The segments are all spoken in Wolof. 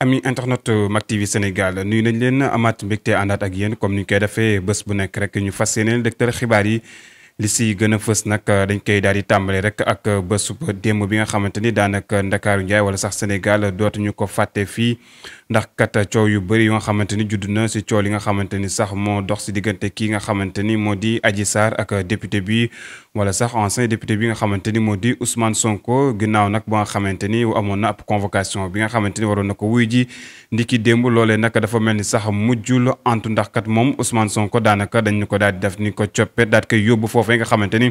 ami internet euh, Mak TV Sénégal nuyu nañ leen amaat mbégte àndaat ak yéen comme ni ñu koy defee bés bu nekk rek ñu fas yéeneen dëgtal xibaar yi li si gën a fës nag euh, dañ koy daal di tàmbale rek ak euh, bés bu démb bi nga xamante ni daanaka Ndakaaru Njaay wala sax Sénégal dootuñu ko fàtte fii. ndax kat coow yu bëri yu nga xamante ni judd na si coow li nga xamante ni sax moo dox si diggante kii nga xamante ni moo di Adji Sarr ak député bi wala sax ancien député bi nga xamante ni moo di Ousmane Sonko ginnaaw nag ba nga xamante ni amoon na ab convocation bi nga xamante ni waroon na ko wuy ji ndiki démb loolee nag dafa mel ni sax mujjul antu ndax kat moom Ousmane Sonko daanaka dañ ko daal di def ni ko coppe daal koy yóbbu foofee nga xamante ni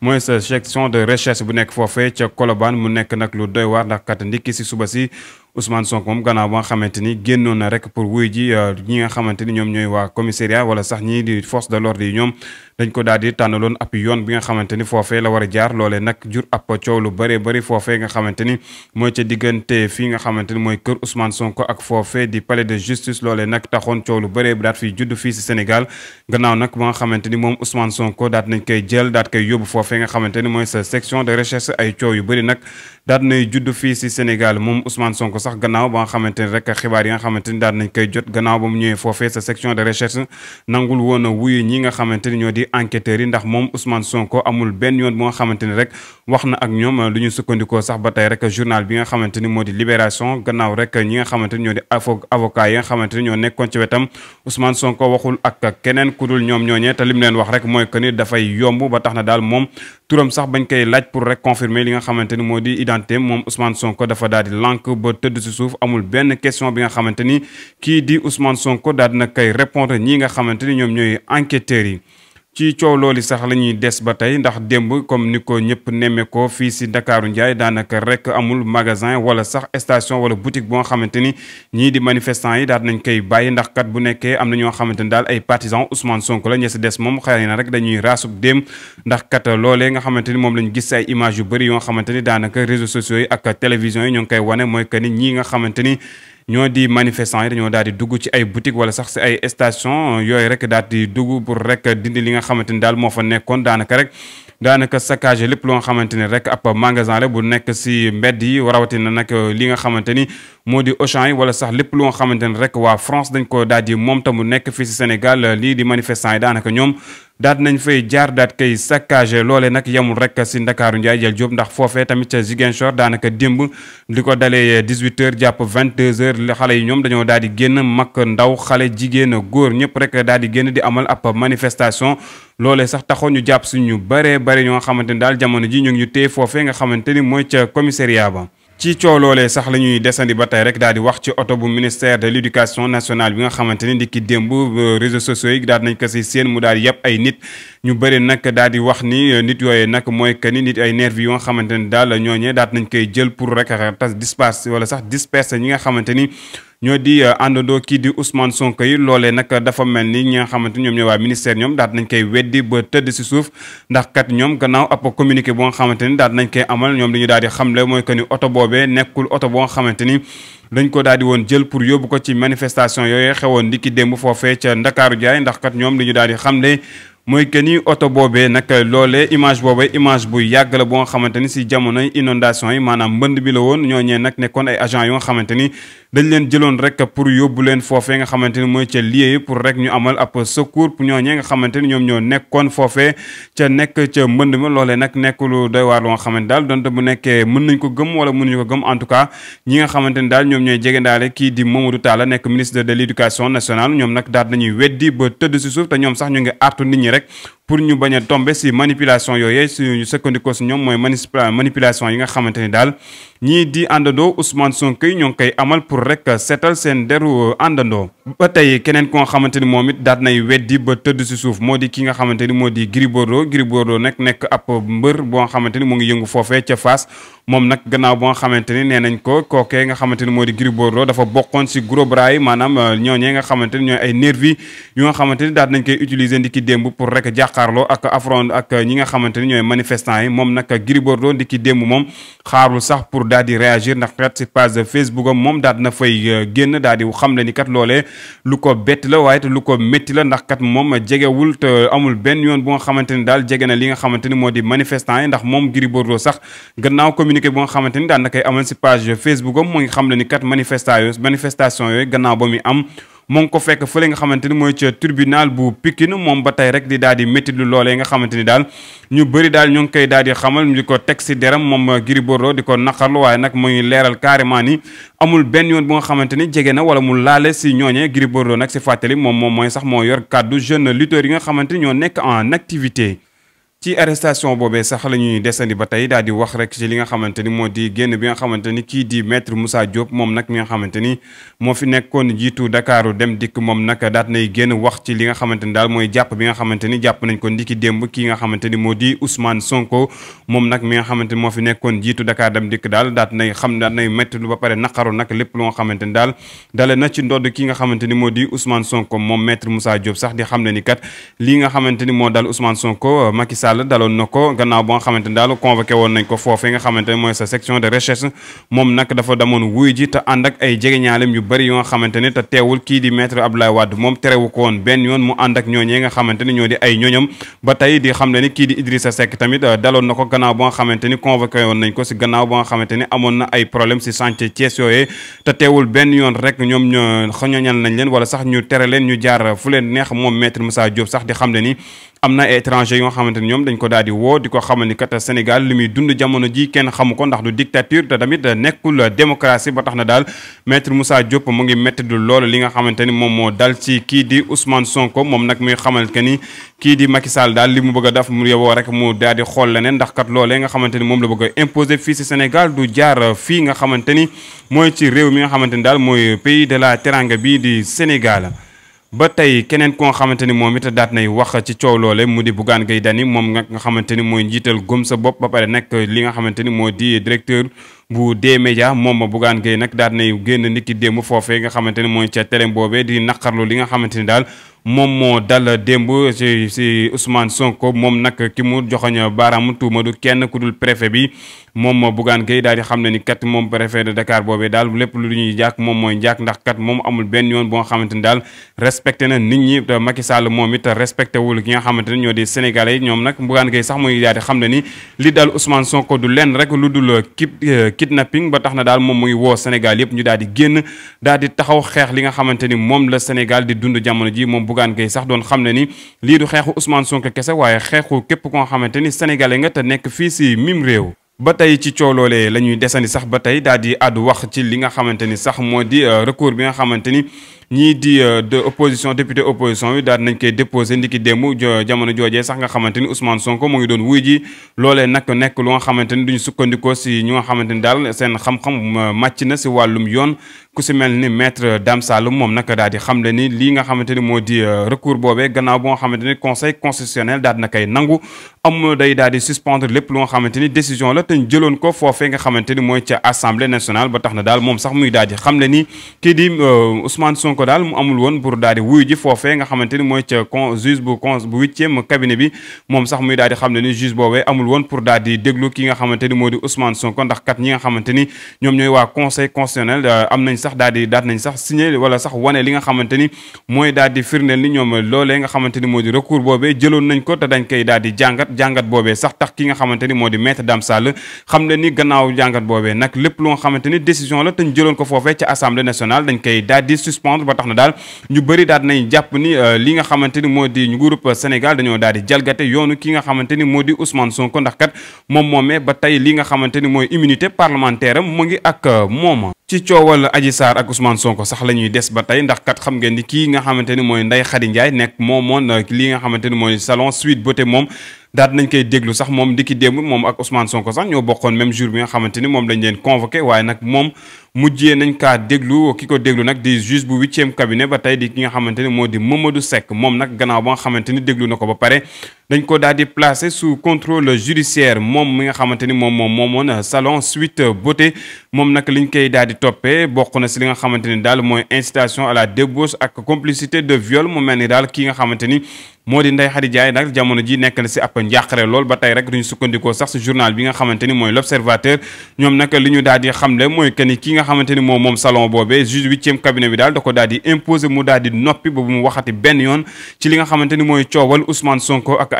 mooy sa section de recherche bu nekk foofee ca Colobane mu nekk nag lu doy waar ndax kat ndiki si suba si Ousmane Sonko moom gannaaw ba nga xamante ni génnoon na rek pour wuy ji euh, ñi nga xamante ni ñoom ñooy waa commissariat wala sax ñii di force de l'ordre yi ñoom dañ ko daal di tànnaloon ab yoon bi nga xamante ni foofee la war a jaar loolee nag jur ab coow lu bëree bëri foofee nga xamante ni mooy ca diggante fii nga xamante ni mooy kër Ousmane Sonko ak foofee di palais de justice loolee nag taxoon coow lu bëree daat ni mooy sa section de recherche ay coow yu bëri nag daat nay judd fii moom Ousmane Sonko sax gannaaw ba nga xamante ni rek xibaar yi nga xamante ni daat nañ koy jot gannaaw nangul woon a wuyu ñi nga xamante ñoo di enquêteurs yi ndax moom Ousmane Sonko amul benn yoon bu nga xamante ni rek wax na ak ñoom lu ñu sukkandikoo sax ba tey rek journal bi nga xamante ni moo di Libération gannaaw rek ñi nga xamante ni ñoo di avocat yi nga xamante ni ñoo nekkoon ci wetam Ousmane Sonko waxul ak keneen ku dul ñoom ñooñee te lim leen wax rek mooy que ni dafay yomb ba tax na daal moom turam sax bañ koy laaj pour rek confirmer li nga xamante ni moo di identité moom Ousmane dafa daal di lànk tëdd si suuf amul benn question bi nga xamante ni kii di Ousmane Sonko daal dina koy répondre ñi nga xamante ni ñoom ñooy enquêteurs yi ci coow loolu sax la ñuy des ba tey ndax démb comme ni ko ñëpp nemme ko fii si Ndakaaru Njaay daanaka rek amul magasin wala sax station wala boutique boo xamante ni ñii di manifestants yi daal nañ koy bàyyi ndax kat bu nekkee am na ñoo xamante ni daal ay partisans Ousmane Sonko la ña si des moom xëy na rek dañuy raasub dem ndax kat loolee nga xamante ni moom la gis ay image yu bëri yoo xamante ni daanaka réseaux sociaux yi ak télévision yi ñoo ngi koy wane mooy que ni ñii nga xamante ni ñoo di manifestants yi dañoo daal di dugg ci ay boutique wala sax si ay station yooyu rek daal di dugg pour rek dindi li nga xamante ni daal moo fa nekkoon daanaka rek daanaka saccage lépp loo xamante ni rek ab magasin la bu nekk si mbedd yi rawatina nag li nga xamante ni moo di Auchan yi wala sax lépp lu nga xamante ne rek waa France dañ ko daal di moom tamu nekk fii si Sénégal euh, lii di manifestants yi daanaka ñoom daat nañ fay jaar daat kay saccagé loole nag yemul rek si Ndakaaru Ndiaye jël ndax foofee tamit ca Ziguinchor daanaka démb li ko dalee 18h euh, jàpp 22h xale yi ñoom dañoo daal di génn mag ndaw xale jigéen góor ñëpp rek daal di génn di amal app manifestation loolee sax taxoon ñu jàpp suñu bëree bëri ñoo xamante ni daal jamono ji ñu ñu téye foofee nga xamante ni mooy ca commissariat ba ci coow loolee sax la ñuy desandi ba tey rek daal di wax ci oto bu ministère de l' éducation nationale bi nga xamante ne ndiki démb euh, réseaux sociaux yi daal nañ ko si seen mu daal di ay nit ñu bëri nag daal di wax ni euh, nit yooyee nag mooy que ni nit ay nervi nga xamante ne daal ñooñee daat nañ koy jël pour rek tas disperse wala sax disperse ñi nga xamante ni ñoo di euh, àndandoo kii di Ousmane Sonko yi loolee nag dafa mel ni ñi nga xamante ñoom ñooy waa ministère ñoom daat nañ koy weddi ba tëdd si suuf ndax kat ñoom gannaaw ab communiqué boo nga xamante ni daat nañ koy amal ñoom li ñu daal di xamle mooy que ni oto boobee nekkul oto boo nga ni dañ ko daal di jël pour yóbbu ko ci manifestation yooyu xewoon ndiki démb foofee ca Ndakaaru jaay ndax kat ñoom li ñu daal di xamle mooy que ni oto boobee nag loole image boobee image bu yàgg la boo nga xamante ni si jamonoy inondation yi maanaam mbënd bi la woon ñoo ñooñee nag nekkoon ay agent yu nga xamante ni dañu leen jëloon rek pour yóbbu leen foofee nga xamante ni mooy ca lieu pour rek ñu amal ab secours pour ñooñee nga xamante ni ñoom ñoo nekkoon foofee ca nekk ca mbënd ma loolee nag nekk lu doy waar lu nga xamante daal donte bu nekkee mën nañ ko gëm wala mënuñu ko gëm en tout cas ñi nga xamante ni daal ñoom ñooy jegendaale kii di Mamadou Talla nekk ministre de l'éducation nationale ñoom nag daal nañuy weddi ba tëdd si suuf te ñoom sax ñu ngi artu nit ñi rek pour ñu bañ a tombe si manipulation yooyu suñu sukkandikoo ci ñoom mooy manipulation yi nga xamante ni daal ñii di àndandoo Ousmane Sonko yi ñoo ngi koy amal pour rek seetal seen deru euh, àndandoo. ba tey keneen ko nga xamante ni moom it daat nay weddi ba tëdd ci suuf moo di ki nga xamante ni moo di Gris griboro Gris nag nekk ab mbër boo nga xamante ni mu ngi yëngu foofee ca Fass. moom nag gannaaw ba xamante ni nee nañ ko kookee nga xamante moo di Gris Bordeaux dafa bokkoon si gros bras yi maanaam euh, nga xamante ni ñooy ay nervi yu nga xamante ni daal nañ koy utiliser ndiki démb pour rek jàkkaarloo ak affront ak euh, ñi nga xamante ni ñooy manifestants yi moom nag Gris Bordeaux ndiki démb moom xaarul sax pour daal di réagir ndax kat si page Facebook am moom daal na fay euh, génn daal di xam le ni kat loolee lu ko bett waaye lu ko métti la ndax kat moom jegewul amul benn yoon bu nga xamante ni daal jege na li nga xamante ni moo di manifestants yi ndax moom Gris sax gannaaw communiqué bu nga xamante ni daan na koy amal si page Facebook am mu ngi xam le ni kat manifesta yooyu manifestation yooyu gannaaw ba muy am mu ngi ko fekk fële nga xamante ni mooy ca tribunal bu Pikine moom ba tey rek di daal di métti loole loolee nga xamante ni daal ñu bëri daal ñu ngi koy daal di xamal ñu ko teg si deram moom Gris Bordeaux di ko naqarlu waaye nag mu ngi leeral carrément ni amul benn yoon bu nga xamante ni jege na wala mu laale si ñooñee Gris Bordeaux nag si fàttali moom moom mooy sax moo yor kàddu jeune lutteur yi nga xamante ni ñoo nekk en activité ci arrestation boobee sax la ñuy desandi ba tey daal di wax rek ci li nga xamante ni moo di génn bi nga xamante ni kii di maître Moussa Diop moom nag mi nga xamante ni moo fi nekkoon jiitu Dakaaru dem dikk moom nag daat nay génn wax ci li nga xamante ni daal mooy jàpp bi nga xamante ni jàpp nañ ko ndiki démb kii nga xamante ni moo di Ousmane Sonko moom nag mi nga xamante ni moo fi nekkoon jiitu Dakar dem dikk daal daat nay xam daat nay métti ba pare naqaru nag lépp lu xamante ni daal dale na ci ndodd kii nga xamante ni moo di Ousmane Sonko moom maître Moussa Diop sax di xam ne ni kat lii nga xamante ni moo daal Ousmane Sonko Macky Sall daloon na ko gannaaw ba nga xamante ne daal convoqué woon nañ ko foofee nga xamante ne mooy sa section de recherche moom nag dafa damoon wuy ji te ànd ay jegeñaaleem yu yu nga xamante ne te teewul kii di maître Abdoulaye Wade moom terewu ko woon benn yoon mu ànd ak ñooñee nga ne ñoo di ay ñooñam xam ne ni kii di Idrissa Seck tamit euh, daloon na ko gannaaw ba nga xamante ni convoqué woon nañ ko si gannaaw ba nga xamante ni amoon na ay problème si chantier Thiès yooyee te teewul benn yoon rek ñoom ñoo ñoñal nañ leen wala sax ñu tere leen ñu jaar fu leen neex moom maître Moussa Diop sax di xam ne ni am na étranger yoo xamante ni ñoom dañ ko daal di woo di ko xamal ni kat Sénégal li muy dund jamono ji kenn xamu ko ndax du dictature te tamit nekkul démocratie ba tax na daal maître Moussa Diop mu ngi métti du loolu li nga xamante ni moom moo dal ci kii di usman Sonko moom nag muy xamal ni kii di Macky Sall daal li mu bëgg a def mu yowoo rek mu daal di xool leneen ndax kat loolee nga xamante ni moom la bëgg a fii si Sénégal du jaar fii nga xamante ni mooy ci réew mi nga xamante ni daal mooy pays de la teranga bii di Sénégal. ba tey keneen ku nga xamante ni moom it daat nay wax ci coow loole mu di Bougane Gueye Dany moom nga xamante ni mooy njiital gom sa bopp ba pare nag li nga xamante ni moo di directeur bu D-Media moom ma Bougane Gueye nag daat nay génn nit ki démb foofee nga xamante ni mooy ca télé boobee di naqarlu li nga xamante ni daal moom moo dal démb ci ci Ousmane Sonko moom nag ki mu joxoñ baaraamu tuuma du kenn ku dul préfet bi moom Bougane Gueye daal di xam ne ni kat moom préfet de Dakar boobee daal lépp lu ñuy jàkk moom mooy njàkk ndax kat moom amul benn yoon boo nga xamante ni daal respecté na nit ñi te Macky Sall moom it respecté wul ki nga xamante ne ñoo di sénégalais yi ñoom nag Bougane Gueye sax muy daal di xam ne ni li daal Ousmane Sonko du lenn rek lu dul euh, euh, kidnapping ba tax na daal moom muy woo Sénégal yëpp ñu daal di génn daal di li nga xamante ni moom la Sénégal di dund jamono ji moom Bougane Gueye sax doon xam ne ni lii du xeexu Ousmane sonk kese waaye xeexu képp ko nga xamante ni sénégalais nga te nekk fii si mim réew ba tey ci coow loolee la ñuy desandi sax ba tey daal di àddu wax ci li nga xamante ni sax moo di euh, recours bi nga xamante ni. ñii di euh, de opposition député opposition bi daal nañ koy déposé ndiki démb jamono joojee sax nga xamante ni Ousmane Sonko mu ngi doon wuy ji loolee nekk lu nga xamante ni duñu sukkandikoo si ñu nga xamante ni daal seen xam-xam màcc na si wàllum yoon ku si mel ni maître Dame Saloum moom nag daal di xamle ni lii nga xamante ni moo di euh, recours boobee gannaaw bu nga xamante ni conseil constitutionnel daal na koy nangu am day daal di suspendre lépp lu nga xamante ni décision la te jëloon ko foofee nga xamante ni mooy ca assemblée nationale ba tax na daal moom sax muy daal di xamle ni ko daal mu amul woon pour daal di wuyu ji foofee nga xamante ni mooy ca con juge bu con bu huitième cabinet bi moom sax muy daal di xam ne ni juge boobee amul woon pour daal di ki nga xamante ni moo di Ousmane Sonko ndax kat ñi nga xamante ni ñoom ñooy euh, nga xamante ni mooy daal di firndeel ni ñoom loolee nga xamante ni moo di recours boobee jëloon nañ ko te dañ koy daal di jàngat jàngat sax tax ki nga xamante ni moo di maître Dame Sall xam le ni gannaaw jàngat boobee nag lépp lu nga xamante ni décision la te ñu jëloon ko foofee ca assemblée nationale ba tax na daal ñu bëri daal nañ jàpp ni euh, li nga xamante ni moo di nguurub Sénégal dañoo daal di jalgate yoonu ki nga xamante ni moo di Ousmane Sonko ndax kat moom moomee ba tey lii nga xamante ni mooy immunité parlementaire am mu ngi ak euh, moom ci coowal Adji Sarr ak Ousmane Sonko sax la ñuy des ba tey ndax kat xam ngeen ni kii nga xamante ni mooy Ndeye Khady Ndiaye nekk moomoon euh, li nga xamante ni mooy salon Sweet Beauté moom daal nañ koy déglu sax moom di ki démb moom ak Ousmane sax ñoo bokkoon même jour bi nga xamante ni moom lañ leen convoqué waaye nag moom mujjee nañ kaa déglu ki ko déglu nag di juge bu huitième cabinet ba tey di ki nga xamante ni moo di du Seck moom nag gannaaw ba nga xamante ni déglu na ko ba pare dañ ko daal di placé sous contrôle judiciaire moom mi nga xamante ni moom moom moomoon salon suite beauté moom nag liñ koy daal di toppe bokk na si li nga xamante ni daal mooy incitation à la débauche ak complicité de viol mu mel ni daal ki nga xamante ni moo di Ndeye Khady Ndiaye nag jamono ji nekk na si ab njàqare lool ba tey rek duñu sukkandikoo sax si journal bi nga xamante mooy l'observateur ñoom nag li ñu daal xamle mooy que ni da ko daal di imposé mu daal euh, Sonko ak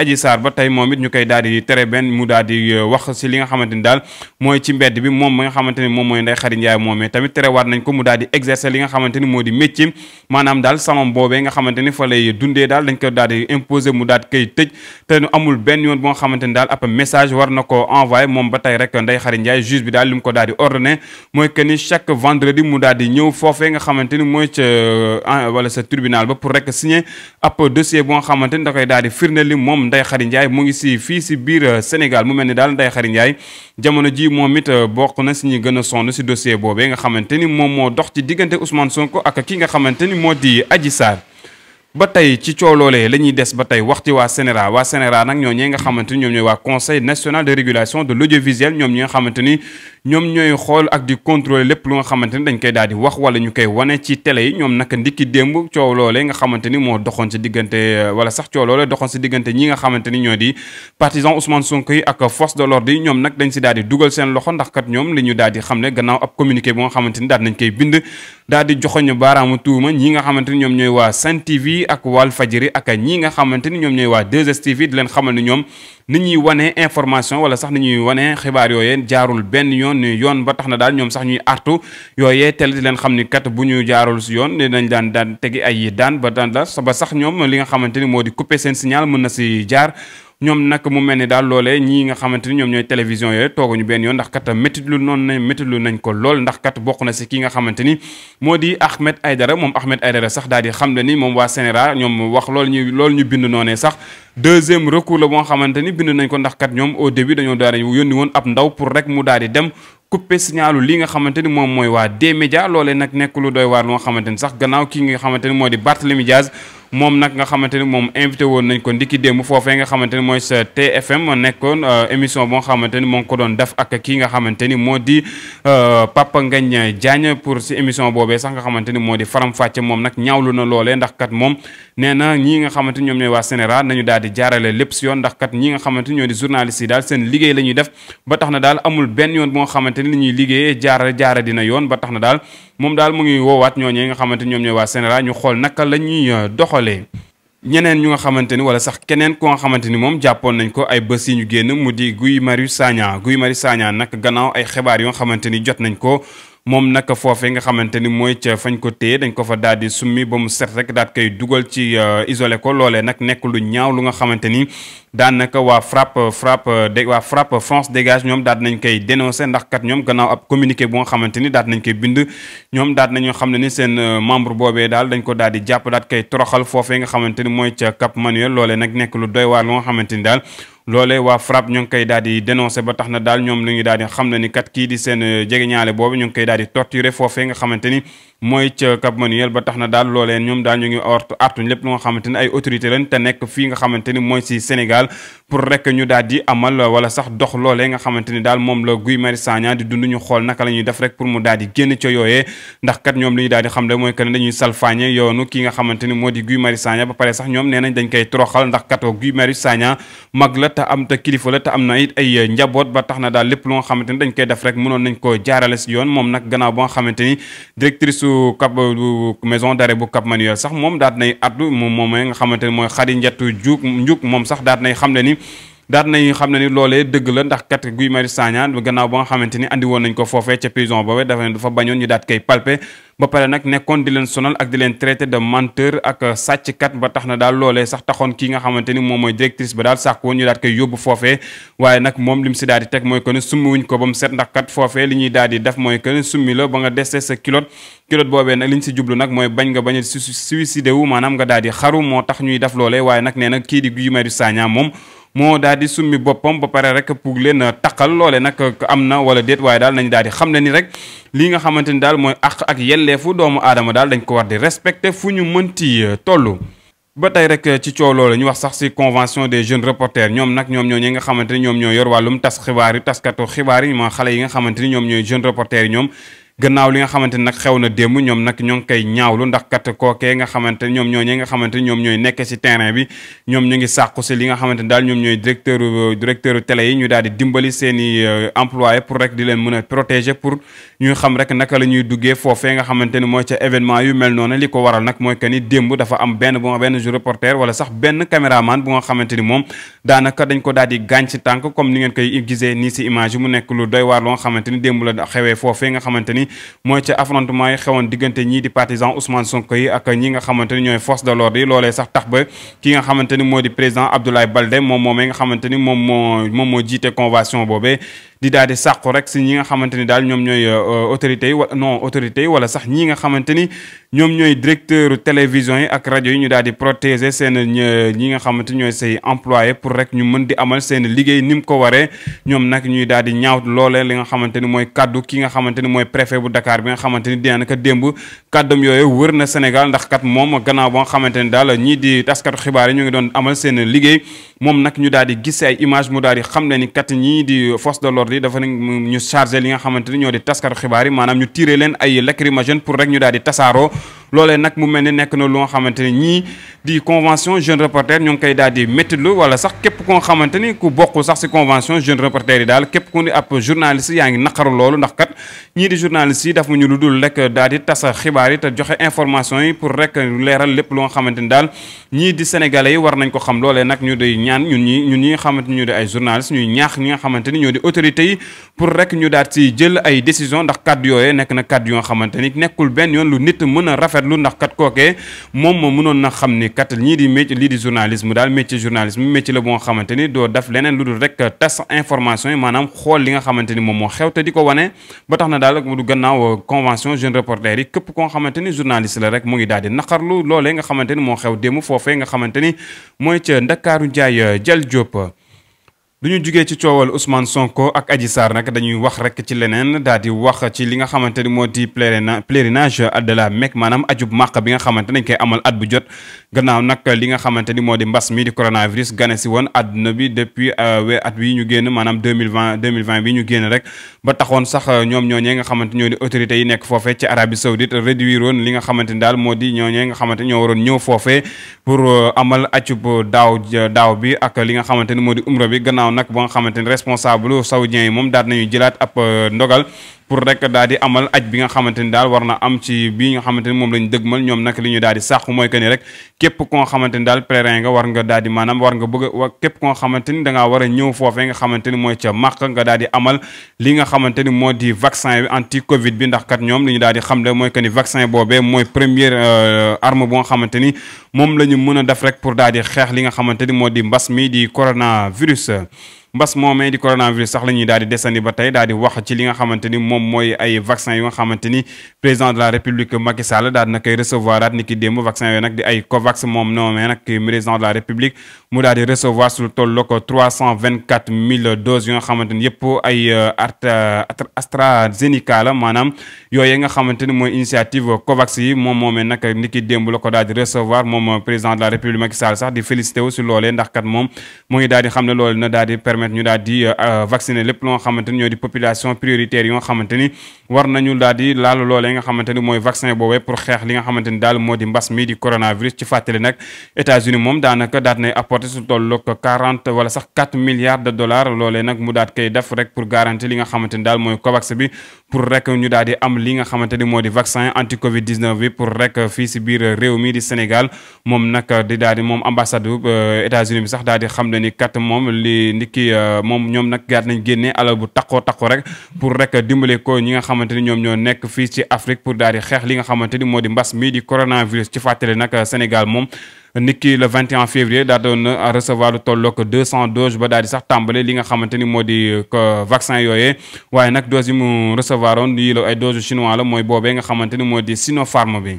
Adji Sarr ba tey moom it ñu koy daal tere benn mu daal euh, wax si li nga xamante daal mooy ci mbedd bi moom mi nga xamante moom mooy Ndeye Khady Ndiaye moomee tamit terewaat nañ ko mu daal di exercer li nga xamante ni moo di métier maanaam daal samam boobee nga xamante ni fa lay dundee daal dañ ko daal di imposer mu daal koy tëj te nu amul benn yoon boo nga daal ab message war ko envoyé moom ba tey rek Ndeye Khady Ndiaye bi daal li ko daal di mooy que chaque vendredi mu daal ñëw foofee nga xamante mooy ca euh, wala sa tribunal ba pour rek signer ab dossier boo nga daal di firndeel li moom Ndeye Khady Ndiaye mu ngi si fii si biir euh, Sénégal mu mel ni daal Ndeye Khady Ndiaye dossier boobee nga xamante ni moom moo dox ci diggante Ousmane Sonko ak ki nga xamante ni moo di Adji Sarr ba tey ci coow loolee la ñuy des ba tey waxti waa CNRA waa CNRA nag ñoo ñee nga xamante ni ñoom ñooy waa conseil national de régulation de l'audiovisuel ñoom ñi nga xamante ni ñoom ñooy xool ak di contrôler lépp lu nga xamante ni dañ koy daal di wax wala ñu koy wane ci télé yi ñoom naka ndikki démb coow loolee nga xamante ni moo doxoon si diggante euh, wala sax coow loolee doxoon si diggante ñi nga xamante ni ñoo di partisan Ousmane Sonko yi ak force de l'ordre yi ñoom nag dañ si daal di dugal seen loxo ndax kat ñoom li ñu daal di xam ne gannaaw ab communiqué bu nga xamante ni daal nañ koy bind daal di joxoñu baaraamu tuuma ñi nga xamante ni ñoom ñooy waa Sen TV TV ak Walf Fadjri ak ñi nga xamante ni ñoom ñooy waa 2STV di leen xamal ni ñoom ni ñuy wane information wala sax ni ñuy wane xibaar yooyee jaarul benn yoon yoon ba tax na daal ñoom sax ñuy artu yooyee teel di leen xam ni kat bu ñu jaarul si yoon dinañ daan daan tegi ay daan ba daan la ba sax ñoom li nga xamante ni moo di couper seen signal mën na si jaar. ñoom nag mu mel ni daal loole ñii nga xamante ni ñoom ñooy télévision yooyu tooguñu benn yoon ndax kat métti lu noonu nañ métti nañ ko lool ndax kat bokk na si ki nga xamante ni moo di Ahmed Aidara moom Ahmed Aidara sax daal di xam ne ni moom waa Sénégal ñoom wax loolu ñu loolu ñu bind noonee sax deuxième recours la boo xamante ni bind nañ ko ndax kat ñoom au début dañoo daal di yónni woon ab ndaw pour rek mu daal di dem coupé signalu li nga xamante ni moom mooy waa D-Média loolee nag nekk lu doy waar lu nga xamante ni sax gannaaw ki nga xamante ni moo di Barthélémy Diaz moom nag nga xamante ni moom invité woon nañ ko ndiki démb foofee nga xamante ni mooy sa TFM nekkoon euh, émission boo xamante ni moo ngi ko doon def ak kii nga xamante ni moo di euh, Papa Ngagne Diagne pour si émission boobee sax nga xamante ni moo di faram fàcce moom nag ñaawlu na loolee ndax kat moom nee na ñii nga xamante ni ñoom ñooy waa Sénégal nañu daal di jaarale lépp si yoon ndax kat ñi nga xamante ni ñoo di journalistes yi daal seen liggéey la ñuy def ba tax daal amul benn yoon boo xamante ni li ñuy liggéeyee jaara jaara dina yoon ba tax na daal moom daal mu ngi woowaat ñooñee nga xamante ni ñoom ñooy waa CNRA ñu xool naka la ñuy euh, doxalee ñeneen ñu nga xamante ni wala sax keneen ko nga xamante ni moom jàppoon nañ ko ay bés yi ñu génn mu di Guy mari Sagna Guy mari Sagna nag gannaaw ay xibaar yoo nga xamante ni jot nañ ko moom nag foofee nga xamante ni mooy ca fañ ko téye dañ ko fa daal di summi ba mu set rek daat koy dugal ci euh, isolé ko loolee nag nekk lu ñaaw lu nga xamante ni daanaka waa frappe frappe euh, de waa frappe France dégage ñoom daal nañ koy dénoncé ndax kat ñoom gannaaw communiqué bu nga xamante ni daat nañ koy bind ñoom daat nañoo xam ne ni seen euh, membre boobee daal dañ ko daal di jàpp daat koy toroxal foofee nga xamante ni mooy ca Cap Manuel loolee nag nekk lu doy waar lu nga xamante ni daal loole waa FRAPP ñu ngi koy daal di dénoncé ba tax na daal ñoom lu ñu daal di xam na ni kat kii di seen euh, jegeñaale boobu ñu ngi koy daal di torturé foofee nga xamante ni mooy ca Cap Manuel ba tax na daal loolee ñoom daal ñu ngi artu artuñ lépp lu nga xamante ni ay autorité lañ te nekk fii nga xamante ni mooy si Sénégal pour rek ñu daal di amal wala sax dox loolee nga xamante ni daal moom la Guy Marius Sagna di dund ñu xool naka la ñuy def rek pour mu daal di génn ca yooyee ndax kat ñoom li ñu daal di xam le mooy que ne dañuy salfaañe yoonu ki nga xamante ni moo di Guy Marius Sagna ba pare sax ñoom nee dañ koy toroxal ndax kat Guy Marius Sagna mag la te am te kilifa la te am na it ay njaboot ba tax na daal lépp lu nga xamante ni dañ koy def rek mënoon nañ ko jaarale si yoon moom nag gannaaw ba nga xamante ni directrice u cap maison d'arrêt bu Cap Manuel sax moom daat nay addu moom moom nga xamante ni mooy Khady Ndiatou Diouf Ndiouk moom sax daat nay xam ne ni daal nañu xam ne ni loole dëgg la ndax kat Guy Marius Sagna gannaaw ba xamante ni andi woon ko foofee ca prison boobee dafa ne dafa bañoon ñu daat leen sonal de menteur ak sàcckat tax na daal loolee sax taxoon kii nga xamante ni moom mooy directrice ba daal sàkk woon ñu daat koy yóbbu daal di teg mooy ko ba mu set ndax kat foofee li di def mooy que ne summi la ba nga dese sa culotte culotte boobee nag li ñu si jublu nag mooy bañ nga bañ a suicidé wu maanaam nga daal di xaru moo tax ñuy def loole waaye nag nee na kii di Guy Marius Sagna moom moo daal di summi boppam ba pare rek pour leen euh, taqal loole nag euh, am na wala déet waaye daal nañ daal di xam ne ni rek lii nga xamante ni daal mooy ak ak yelleefu doomu aadama daal dañ ko war di respecter fu ñu mënti euh, toll. ba tey rek ci coow loolu ñu wax sax ci convention des jeunes reporters ñoom nag ñoom ñoo ñi nga xamante ni ñoom ñoo yor wàllum tas xibaar yi taskatu xibaar yi ma xale yi nga xamante ni ñoom ñooy jeunes reporters yi ñoom gannaaw li nga xamante ni nag xew na démb ñoom nag ñoo ngi koy ñaawlu ndax kat kookee nga xamante ñoom ñoo ñi nga xamante ñoom ñooy nekk si terrain bi ñoom ñu ngi sàqu si li nga xamante ni daal ñoom ñooy directeur directeur télé yi ñu daal di dimbali seeni i euh, employé pour leen mën a protéger pour ñu xam rek naka la ñuy duggee foofee nga xamante ni mooy ca événement yu mel noonu li ko waral nag mooy que ni démb dafa am benn bu nga benn reporter wala benn caméraman xamante ni moom daanaka dañ ko daal di gaañ si tànk comme ni ngeen koy gisee nii si image mu nekk lu doy waar loo nga xamante ni démb la xewee foofee nga xamante ni mooy ca affrontement yi xewoon diggante ñii di partisan Ousmane Sonko yi ak ñi nga xamante ni ñooy force de l'ordre yi loolee sax tax ba ki nga xamante ni moo di président Abdoulaye Baldé moom moomee nga xamante ni moom moo moom moo jiite convention boobee di daal di sàqu rek si ñi nga xamante ni daal ñoom ñooy euh, autorités yi wa wala sax ñii nga xamante ni ñoom ñooy directeur télévision yi ak rajo yi ñu daal di protéger seen ñi nga xamante ni ñooy say employé pour rek ñu mën di amal seen liggéey ni mu ko waree ñoom nag ñuy daal di ñaawt loolee li nga xamante ni mooy kaddu ki nga xamante ni mooy préfet bu Dakar bi nga xamante ni dinaa démb kàddam yooyu wër na Sénégal ndax kat moom gannaaw ba nga xamante ni daal ñii di taskatu xibaar ñu ngi doon amal seen liggéey moom nag ñu daal di gis ay image mu daal di xam ne ni kat ñii di force de l'ordre ordre dafa ne ñu chargé li nga ñoo di taskatu xibaar maanaam ñu tiré leen ay lacrymogène pour rek ñu daal tasaaroo loolee nag mu mel ni nekk na ñii di convention jeune reporter ñu ngi koy daal di sax képp koo xamante ku bokkul sax convention jeune reporter daal képp ku ni yaa ngi naqaru loolu ndax kat ñii di journalistes yi daf mu ñu lu dul rek daal tas a xibaar yi te joxe information yi pour rek leeral lépp lu nga xamante ni daal ñii di sénégalais yi war nañ ko xam loolee nag ñu di ñaan ñun ñi ñun ñi nga xamante ni ñoo di ñuy ñaax ñi nga xamante ni ñoo di autorité yi pour rek ñu daal si jël ay décision ndax kàddu yooyee nekk na kàddu yoo xamante ni nekkul benn yoon lu nit mën a rafetlu ndax kat kookee moom moo mënoon na xam ni kat ñii di métier lii di journalisme daal métier journalisme métier la boo xamante ni doo daf leneen lu dul rek tas information yi maanaam xool li nga xamante ni moom moo xew di ko na daal mu du gannaaw euh, convention jeune reporter yi képp koo xamante ni journaliste la rek mu ngi daal di naqarlu loolee nga xamante ni moo xew démb foofee nga xamante ni mooy ca Ndakaaru Njaay euh, Jal Diop du ñu jugee ci coowal Ousmane Sonko ak Adji saar nag dañuy wax rek ci leneen daal di wax ci li nga xamante ni moo di pèlerinage de la Mecque maanaam ajub màq bi nga xamante nañ koy amal at bu jot gannaaw nag li nga xamante ni moo di mbas mi di coronavirus gane si woon àdduna bi depuis euh, at wi ñu génn maanaam 2020 2020 bi ñu génn rek ba taxoon sax euh, ñoom ñooñee nga xamante ñoo di autorités yi nekk foofee ci Arabie Saoudite réduire woon li nga xamante ni daal moo di ñooñee nga xamante ñoo waroon ñëw foofee pour euh, amal accub daaw daaw bi ak li nga xamante ni moo di umra bi gannaaw nag ba nga xamante ni responsable saoudien yi moom daal nañu jëlaat ab ndogal pour rek daal di amal aj bi nga xamante ni daal war na am ci bii nga xamante ni moom lañ dëgmal ñoom na li ñu daal di sàqu mooy que ni rek képp ko nga ni daal pèlerin nga war nga daal di maanaam war nga bëgg a képp ko nga xamante ni da ngaa war a ñëw foofee nga xamante ni mooy ca màq nga daal di amal li nga xamante ni moo di vaccin bi anti covid bi ndax ñoom li ñu daal di xam le mooy que ni vaccin boobee mooy première euh, arme bu nga xamante ni moom la ñu mën a def rek pour daal di xeex li nga xamante ni moo di mbas mi di coronavirus mbas moomee di coronavirus sax la ñuy daal di desandi ba tey daal di wax ci li nga xamante ni moom mooy ay vaccin yu nga xamante ni président de la république Macky Sall daal na koy recevoir daat ni recevoir yëpp ay euh, art euh, AstraZeneca la maanaam yooyu nga xamante ni mooy initiative COVAX yi moom moomee nag ni ki démb la ko daal di recevoir moom président de la république Macky Sall sax di félicité wu si loolee ndax kat moom mu ngi daal di na daal di ñu daal di euh, euh, vacciner lépp loo nga xamante ni ñoo di population prioritaire yi nga xamante ni war nañu daal di laal loolee nga xamante ni mooy vaccin boobee pour xeex li nga xamante ni daal moo di mbas mi di coronavirus ci fàttali nag États-Unis moom daanaka daat nay apporté su tolloog 40 wala sax 4 milliards de dollars loolee nag mu daat koy def rek pour garantir li nga xamante ni daal mooy COVAX bi pour rek ñu daal di am li nga xamante ni moo di vaccin anti Covid 19 bi pour rek fii si biir réew mi di Sénégal moom nag di daal di moom ambassade euh, États-Unis bi sax daal di xam ne ni kat moom li ndiki euh, moom ñoom nag gaat nañ génne alal bu taqoo taqoo rek pour rek dimbale ko ñi nga xamante ni ñoom ñoo nekk fii ci Afrique pour daal di xeex li nga xamante ni moo di mbas mii di coronavirus ci fàttali nag Sénégal moom. nit ki le 21 février daa doon recevoir lu tolloog 200 doses ba daal sax tàmbale li nga xamante ni moo di euh, vaccin yooyee waaye nag doses mu recevoir oon yii la ay doses chinois la mooy boobee nga xamante ni moo di Sinopharm bi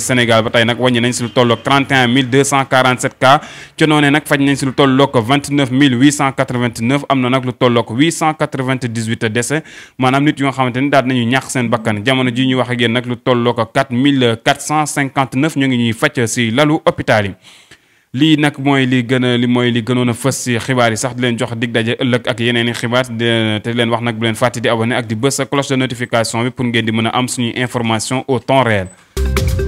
Sénégal ba tey nag wàññi nañ si lu tolloog 31 247 cas ci noonee nag faj nañ si lu tolloog 29 889 am na nag lu tolloog 898 décès maanaam nit yoo xamante ni daal nañu ñàkk seen bakkan jamono ji ñu wax ak nag lu tolloog 4 459 ñu ngi ñuy faj si lalu hôpital yi. lii nag mooy li gën li mooy li gënoon a fës si xibaar yi sax di leen jox dig daje ëllëg ak yeneen i xibaar te leen wax nag bu leen fàtte di abonné ak di bës cloche de notification bi pour ngeen di mën a am suñuy information au réel.